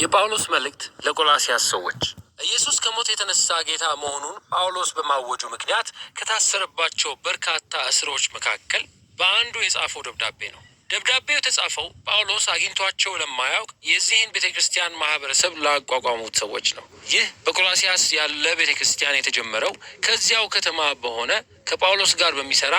የጳውሎስ መልእክት ለቆላሲያስ ሰዎች ኢየሱስ ከሞት የተነሳ ጌታ መሆኑን ጳውሎስ በማወጁ ምክንያት ከታሰረባቸው በርካታ እስሮች መካከል በአንዱ የጻፈው ደብዳቤ ነው። ደብዳቤው የተጻፈው ጳውሎስ አግኝቷቸው ለማያውቅ የዚህን ቤተ ክርስቲያን ማህበረሰብ ላቋቋሙት ሰዎች ነው። ይህ በቆላሲያስ ያለ ቤተ ክርስቲያን የተጀመረው ከዚያው ከተማ በሆነ ከጳውሎስ ጋር በሚሰራ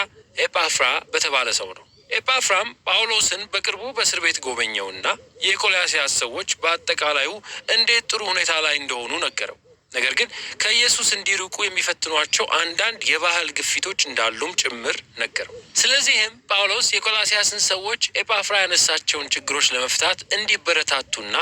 ኤጳፍራ በተባለ ሰው ነው። ኤጳፍራም ጳውሎስን በቅርቡ በእስር ቤት ጎበኘውና የቆላሲያስ ሰዎች በአጠቃላዩ እንዴት ጥሩ ሁኔታ ላይ እንደሆኑ ነገረው። ነገር ግን ከኢየሱስ እንዲርቁ የሚፈትኗቸው አንዳንድ የባህል ግፊቶች እንዳሉም ጭምር ነገረው። ስለዚህም ጳውሎስ የቆላሲያስን ሰዎች ኤጳፍራ ያነሳቸውን ችግሮች ለመፍታት እንዲበረታቱና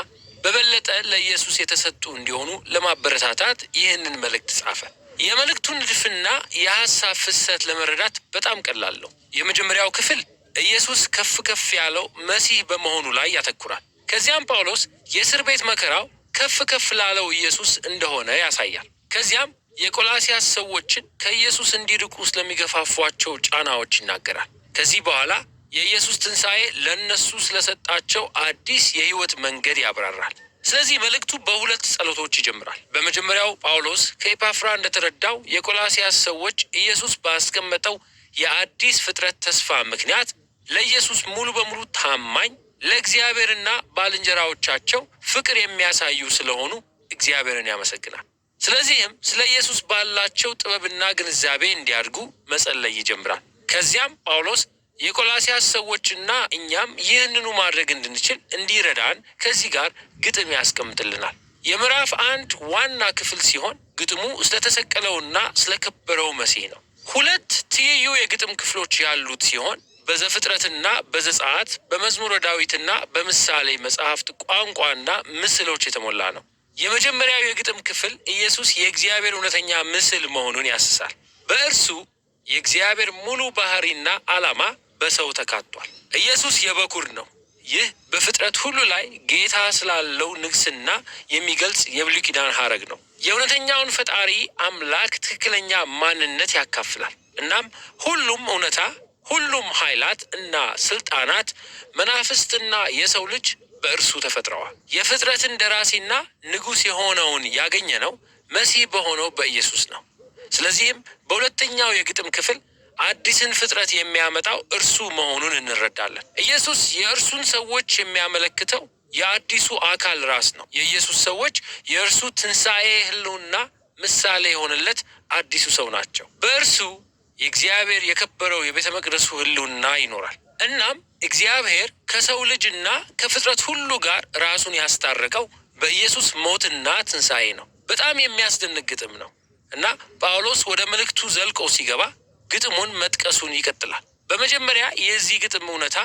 በበለጠ ለኢየሱስ የተሰጡ እንዲሆኑ ለማበረታታት ይህንን መልእክት ጻፈ። የመልእክቱን ንድፍና የሐሳብ ፍሰት ለመረዳት በጣም ቀላል ነው። የመጀመሪያው ክፍል ኢየሱስ ከፍ ከፍ ያለው መሲህ በመሆኑ ላይ ያተኩራል። ከዚያም ጳውሎስ የእስር ቤት መከራው ከፍ ከፍ ላለው ኢየሱስ እንደሆነ ያሳያል። ከዚያም የቆላሲያስ ሰዎችን ከኢየሱስ እንዲርቁ ስለሚገፋፏቸው ጫናዎች ይናገራል። ከዚህ በኋላ የኢየሱስ ትንሣኤ ለእነሱ ስለሰጣቸው አዲስ የሕይወት መንገድ ያብራራል። ስለዚህ መልእክቱ በሁለት ጸሎቶች ይጀምራል። በመጀመሪያው ጳውሎስ ከኤፓፍራ እንደተረዳው የቆላሲያስ ሰዎች ኢየሱስ ባስቀመጠው የአዲስ ፍጥረት ተስፋ ምክንያት ለኢየሱስ ሙሉ በሙሉ ታማኝ ለእግዚአብሔርና ባልንጀራዎቻቸው ፍቅር የሚያሳዩ ስለሆኑ እግዚአብሔርን ያመሰግናል። ስለዚህም ስለ ኢየሱስ ባላቸው ጥበብና ግንዛቤ እንዲያድጉ መጸለይ ይጀምራል። ከዚያም ጳውሎስ የቆላሲያስ ሰዎችና እኛም ይህንኑ ማድረግ እንድንችል እንዲረዳን ከዚህ ጋር ግጥም ያስቀምጥልናል። የምዕራፍ አንድ ዋና ክፍል ሲሆን ግጥሙ ስለተሰቀለውና ስለከበረው መሲህ ነው። ሁለት ትይዩ የግጥም ክፍሎች ያሉት ሲሆን በዘፍጥረትና በዘጸአት በመዝሙረ ዳዊትና በምሳሌ መጽሐፍት ቋንቋና ምስሎች የተሞላ ነው። የመጀመሪያው የግጥም ክፍል ኢየሱስ የእግዚአብሔር እውነተኛ ምስል መሆኑን ያስሳል። በእርሱ የእግዚአብሔር ሙሉ ባህሪና ዓላማ በሰው ተካቷል። ኢየሱስ የበኩር ነው። ይህ በፍጥረት ሁሉ ላይ ጌታ ስላለው ንግስና የሚገልጽ የብሉይ ኪዳን ሐረግ ነው። የእውነተኛውን ፈጣሪ አምላክ ትክክለኛ ማንነት ያካፍላል። እናም ሁሉም እውነታ ሁሉም ኃይላት እና ስልጣናት መናፍስትና የሰው ልጅ በእርሱ ተፈጥረዋል። የፍጥረትን ደራሲና ንጉሥ የሆነውን ያገኘ ነው መሲህ በሆነው በኢየሱስ ነው። ስለዚህም በሁለተኛው የግጥም ክፍል አዲስን ፍጥረት የሚያመጣው እርሱ መሆኑን እንረዳለን። ኢየሱስ የእርሱን ሰዎች የሚያመለክተው የአዲሱ አካል ራስ ነው። የኢየሱስ ሰዎች የእርሱ ትንሣኤ ህልውና ምሳሌ የሆነለት አዲሱ ሰው ናቸው። በእርሱ የእግዚአብሔር የከበረው የቤተ መቅደሱ ህልውና ይኖራል። እናም እግዚአብሔር ከሰው ልጅና ከፍጥረት ሁሉ ጋር ራሱን ያስታረቀው በኢየሱስ ሞትና ትንሣኤ ነው። በጣም የሚያስደንቅ ግጥም ነው እና ጳውሎስ ወደ መልእክቱ ዘልቆ ሲገባ ግጥሙን መጥቀሱን ይቀጥላል። በመጀመሪያ የዚህ ግጥም እውነታ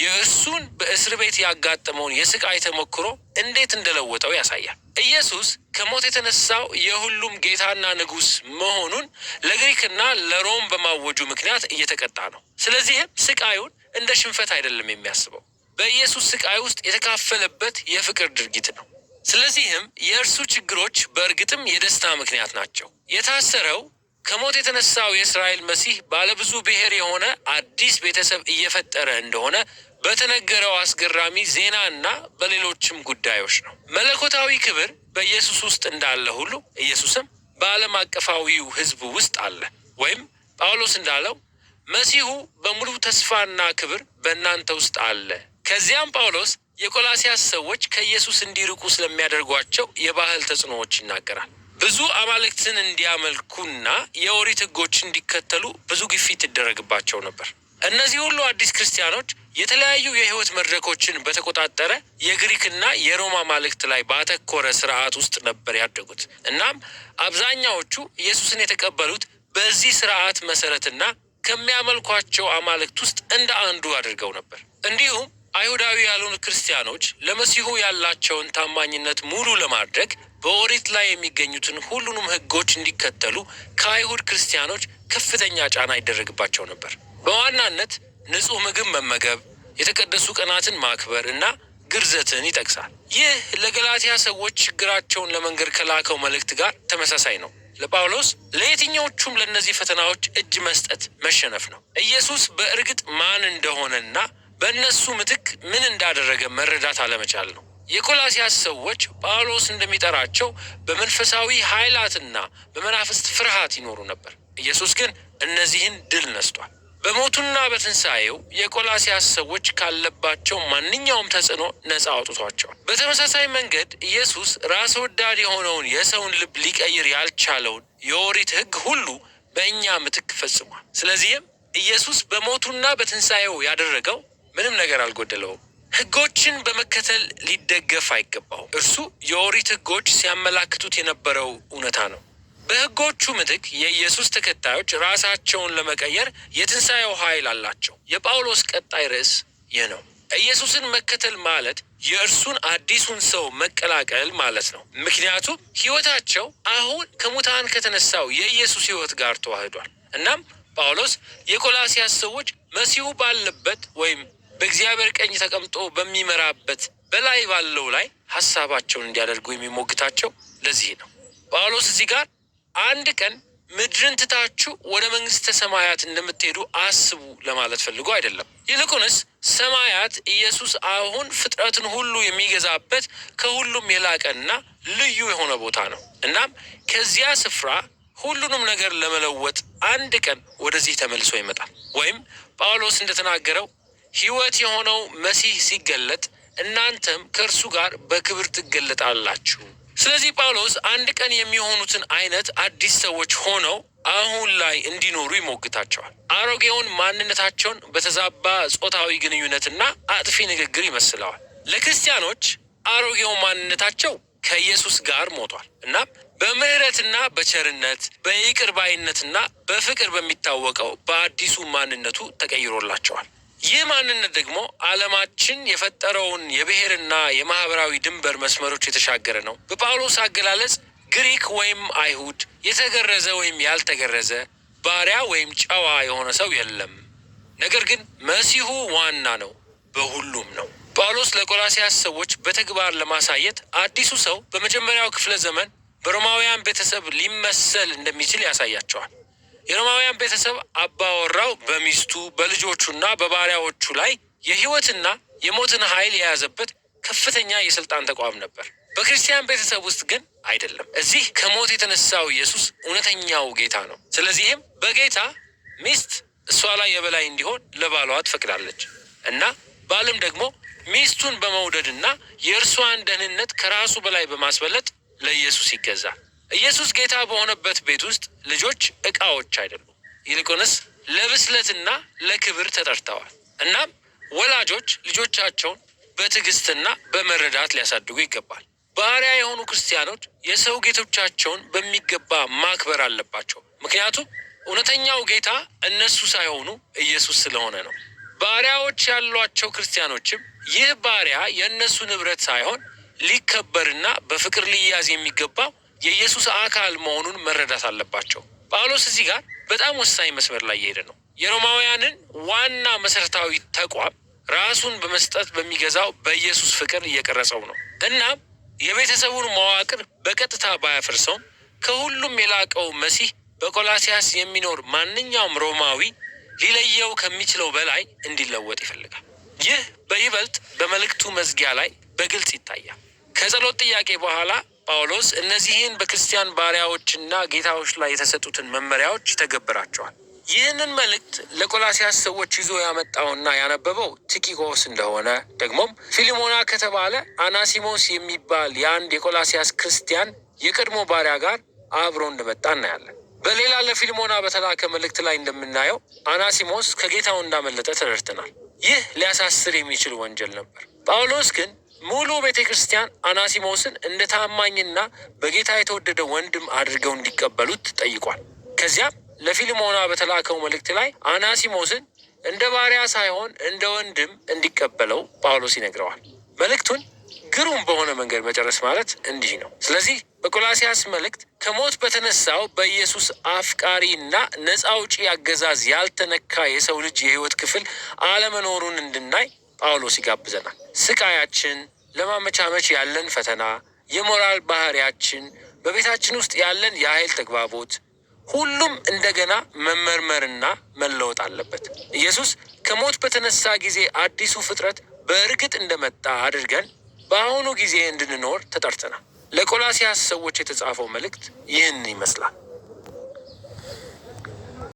የእሱን በእስር ቤት ያጋጠመውን የስቃይ ተሞክሮ እንዴት እንደለወጠው ያሳያል። ኢየሱስ ከሞት የተነሳው የሁሉም ጌታና ንጉሥ መሆኑን ለግሪክና ለሮም በማወጁ ምክንያት እየተቀጣ ነው። ስለዚህም ስቃዩን እንደ ሽንፈት አይደለም የሚያስበው፣ በኢየሱስ ስቃይ ውስጥ የተካፈለበት የፍቅር ድርጊት ነው። ስለዚህም የእርሱ ችግሮች በእርግጥም የደስታ ምክንያት ናቸው። የታሰረው ከሞት የተነሳው የእስራኤል መሲህ ባለብዙ ብሔር የሆነ አዲስ ቤተሰብ እየፈጠረ እንደሆነ በተነገረው አስገራሚ ዜና እና በሌሎችም ጉዳዮች ነው። መለኮታዊ ክብር በኢየሱስ ውስጥ እንዳለ ሁሉ ኢየሱስም በዓለም አቀፋዊው ሕዝብ ውስጥ አለ። ወይም ጳውሎስ እንዳለው መሲሁ በሙሉ ተስፋና ክብር በእናንተ ውስጥ አለ። ከዚያም ጳውሎስ የቆላሲያስ ሰዎች ከኢየሱስ እንዲርቁ ስለሚያደርጓቸው የባህል ተጽዕኖዎች ይናገራል። ብዙ አማልክትን እንዲያመልኩና የኦሪት ህጎች እንዲከተሉ ብዙ ግፊት ይደረግባቸው ነበር። እነዚህ ሁሉ አዲስ ክርስቲያኖች የተለያዩ የህይወት መድረኮችን በተቆጣጠረ የግሪክና የሮማ አማልክት ላይ ባተኮረ ስርዓት ውስጥ ነበር ያደጉት። እናም አብዛኛዎቹ ኢየሱስን የተቀበሉት በዚህ ስርዓት መሰረትና ከሚያመልኳቸው አማልክት ውስጥ እንደ አንዱ አድርገው ነበር። እንዲሁም አይሁዳዊ ያልሆኑ ክርስቲያኖች ለመሲሁ ያላቸውን ታማኝነት ሙሉ ለማድረግ በኦሪት ላይ የሚገኙትን ሁሉንም ህጎች እንዲከተሉ ከአይሁድ ክርስቲያኖች ከፍተኛ ጫና ይደረግባቸው ነበር። በዋናነት ንጹህ ምግብ መመገብ፣ የተቀደሱ ቀናትን ማክበር እና ግርዘትን ይጠቅሳል። ይህ ለገላትያ ሰዎች ችግራቸውን ለመንገድ ከላከው መልእክት ጋር ተመሳሳይ ነው። ለጳውሎስ ለየትኛዎቹም ለእነዚህ ፈተናዎች እጅ መስጠት መሸነፍ ነው። ኢየሱስ በእርግጥ ማን እንደሆነና በእነሱ ምትክ ምን እንዳደረገ መረዳት አለመቻል ነው። የቆላሲያስ ሰዎች ጳውሎስ እንደሚጠራቸው በመንፈሳዊ ኃይላትና በመናፍስት ፍርሃት ይኖሩ ነበር። ኢየሱስ ግን እነዚህን ድል ነስቷል። በሞቱና በትንሣኤው የቆላሲያስ ሰዎች ካለባቸው ማንኛውም ተጽዕኖ ነፃ አውጥቷቸዋል። በተመሳሳይ መንገድ ኢየሱስ ራስ ወዳድ የሆነውን የሰውን ልብ ሊቀይር ያልቻለውን የኦሪት ሕግ ሁሉ በእኛ ምትክ ፈጽሟል። ስለዚህም ኢየሱስ በሞቱና በትንሣኤው ያደረገው ምንም ነገር አልጎደለውም። ህጎችን በመከተል ሊደገፍ አይገባው። እርሱ የኦሪት ህጎች ሲያመላክቱት የነበረው እውነታ ነው። በህጎቹ ምትክ የኢየሱስ ተከታዮች ራሳቸውን ለመቀየር የትንሣኤው ኃይል አላቸው። የጳውሎስ ቀጣይ ርዕስ ይህ ነው። ኢየሱስን መከተል ማለት የእርሱን አዲሱን ሰው መቀላቀል ማለት ነው። ምክንያቱም ሕይወታቸው አሁን ከሙታን ከተነሳው የኢየሱስ ሕይወት ጋር ተዋህዷል። እናም ጳውሎስ የቆላሲያስ ሰዎች መሲሁ ባለበት ወይም በእግዚአብሔር ቀኝ ተቀምጦ በሚመራበት በላይ ባለው ላይ ሀሳባቸውን እንዲያደርጉ የሚሞግታቸው ለዚህ ነው። ጳውሎስ እዚህ ጋር አንድ ቀን ምድርን ትታችሁ ወደ መንግስተ ሰማያት እንደምትሄዱ አስቡ ለማለት ፈልጎ አይደለም። ይልቁንስ ሰማያት ኢየሱስ አሁን ፍጥረትን ሁሉ የሚገዛበት ከሁሉም የላቀና ልዩ የሆነ ቦታ ነው። እናም ከዚያ ስፍራ ሁሉንም ነገር ለመለወጥ አንድ ቀን ወደዚህ ተመልሶ ይመጣል። ወይም ጳውሎስ እንደተናገረው ሕይወት የሆነው መሲህ ሲገለጥ እናንተም ከእርሱ ጋር በክብር ትገለጣላችሁ። ስለዚህ ጳውሎስ አንድ ቀን የሚሆኑትን አይነት አዲስ ሰዎች ሆነው አሁን ላይ እንዲኖሩ ይሞግታቸዋል። አሮጌውን ማንነታቸውን በተዛባ ጾታዊ ግንኙነትና አጥፊ ንግግር ይመስለዋል። ለክርስቲያኖች አሮጌው ማንነታቸው ከኢየሱስ ጋር ሞቷል እና በምሕረትና በቸርነት በይቅር ባይነትና በፍቅር በሚታወቀው በአዲሱ ማንነቱ ተቀይሮላቸዋል። ይህ ማንነት ደግሞ ዓለማችን የፈጠረውን የብሔርና የማህበራዊ ድንበር መስመሮች የተሻገረ ነው። በጳውሎስ አገላለጽ ግሪክ ወይም አይሁድ፣ የተገረዘ ወይም ያልተገረዘ፣ ባሪያ ወይም ጨዋ የሆነ ሰው የለም። ነገር ግን መሲሁ ዋና ነው፣ በሁሉም ነው። ጳውሎስ ለቆላሲያስ ሰዎች በተግባር ለማሳየት አዲሱ ሰው በመጀመሪያው ክፍለ ዘመን በሮማውያን ቤተሰብ ሊመሰል እንደሚችል ያሳያቸዋል። የሮማውያን ቤተሰብ አባወራው በሚስቱ በልጆቹና በባሪያዎቹ ላይ የህይወትና የሞትን ኃይል የያዘበት ከፍተኛ የስልጣን ተቋም ነበር። በክርስቲያን ቤተሰብ ውስጥ ግን አይደለም። እዚህ ከሞት የተነሳው ኢየሱስ እውነተኛው ጌታ ነው። ስለዚህም በጌታ ሚስት እሷ ላይ የበላይ እንዲሆን ለባሏ ትፈቅዳለች እና ባልም ደግሞ ሚስቱን በመውደድና የእርሷን ደህንነት ከራሱ በላይ በማስበለጥ ለኢየሱስ ይገዛል። ኢየሱስ ጌታ በሆነበት ቤት ውስጥ ልጆች እቃዎች አይደሉም፣ ይልቁንስ ለብስለትና ለክብር ተጠርተዋል። እናም ወላጆች ልጆቻቸውን በትዕግስትና በመረዳት ሊያሳድጉ ይገባል። ባሪያ የሆኑ ክርስቲያኖች የሰው ጌቶቻቸውን በሚገባ ማክበር አለባቸው፣ ምክንያቱም እውነተኛው ጌታ እነሱ ሳይሆኑ ኢየሱስ ስለሆነ ነው። ባሪያዎች ያሏቸው ክርስቲያኖችም ይህ ባሪያ የእነሱ ንብረት ሳይሆን ሊከበርና በፍቅር ሊያዝ የሚገባው የኢየሱስ አካል መሆኑን መረዳት አለባቸው። ጳውሎስ እዚህ ጋር በጣም ወሳኝ መስመር ላይ እየሄደ ነው። የሮማውያንን ዋና መሰረታዊ ተቋም ራሱን በመስጠት በሚገዛው በኢየሱስ ፍቅር እየቀረጸው ነው። እናም የቤተሰቡን መዋቅር በቀጥታ ባያፈርሰውም ከሁሉም የላቀው መሲህ በቆላሲያስ የሚኖር ማንኛውም ሮማዊ ሊለየው ከሚችለው በላይ እንዲለወጥ ይፈልጋል። ይህ በይበልጥ በመልእክቱ መዝጊያ ላይ በግልጽ ይታያል። ከጸሎት ጥያቄ በኋላ ጳውሎስ እነዚህን በክርስቲያን ባሪያዎችና ጌታዎች ላይ የተሰጡትን መመሪያዎች ይተገብራቸዋል። ይህንን መልእክት ለቆላሲያስ ሰዎች ይዞ ያመጣውና ያነበበው ቲኪቆስ እንደሆነ ደግሞም ፊሊሞና ከተባለ አናሲሞስ የሚባል የአንድ የቆላሲያስ ክርስቲያን የቀድሞ ባሪያ ጋር አብሮ እንደመጣ እናያለን። በሌላ ለፊልሞና በተላከ መልእክት ላይ እንደምናየው አናሲሞስ ከጌታው እንዳመለጠ ተረድተናል። ይህ ሊያሳስር የሚችል ወንጀል ነበር። ጳውሎስ ግን ሙሉ ቤተ ክርስቲያን አናሲሞስን እንደ ታማኝና በጌታ የተወደደ ወንድም አድርገው እንዲቀበሉት ጠይቋል። ከዚያም ለፊልሞና በተላከው መልእክት ላይ አናሲሞስን እንደ ባሪያ ሳይሆን እንደ ወንድም እንዲቀበለው ጳውሎስ ይነግረዋል። መልእክቱን ግሩም በሆነ መንገድ መጨረስ ማለት እንዲህ ነው። ስለዚህ በቆላሲያስ መልእክት ከሞት በተነሳው በኢየሱስ አፍቃሪና ነፃ አውጪ አገዛዝ ያልተነካ የሰው ልጅ የህይወት ክፍል አለመኖሩን እንድናይ ጳውሎስ ይጋብዘናል። ስቃያችን፣ ለማመቻመች ያለን ፈተና፣ የሞራል ባህሪያችን፣ በቤታችን ውስጥ ያለን የኃይል ተግባቦት፣ ሁሉም እንደገና መመርመርና መለወጥ አለበት። ኢየሱስ ከሞት በተነሳ ጊዜ አዲሱ ፍጥረት በእርግጥ እንደመጣ አድርገን በአሁኑ ጊዜ እንድንኖር ተጠርተናል። ለቆላሲያስ ሰዎች የተጻፈው መልእክት ይህን ይመስላል።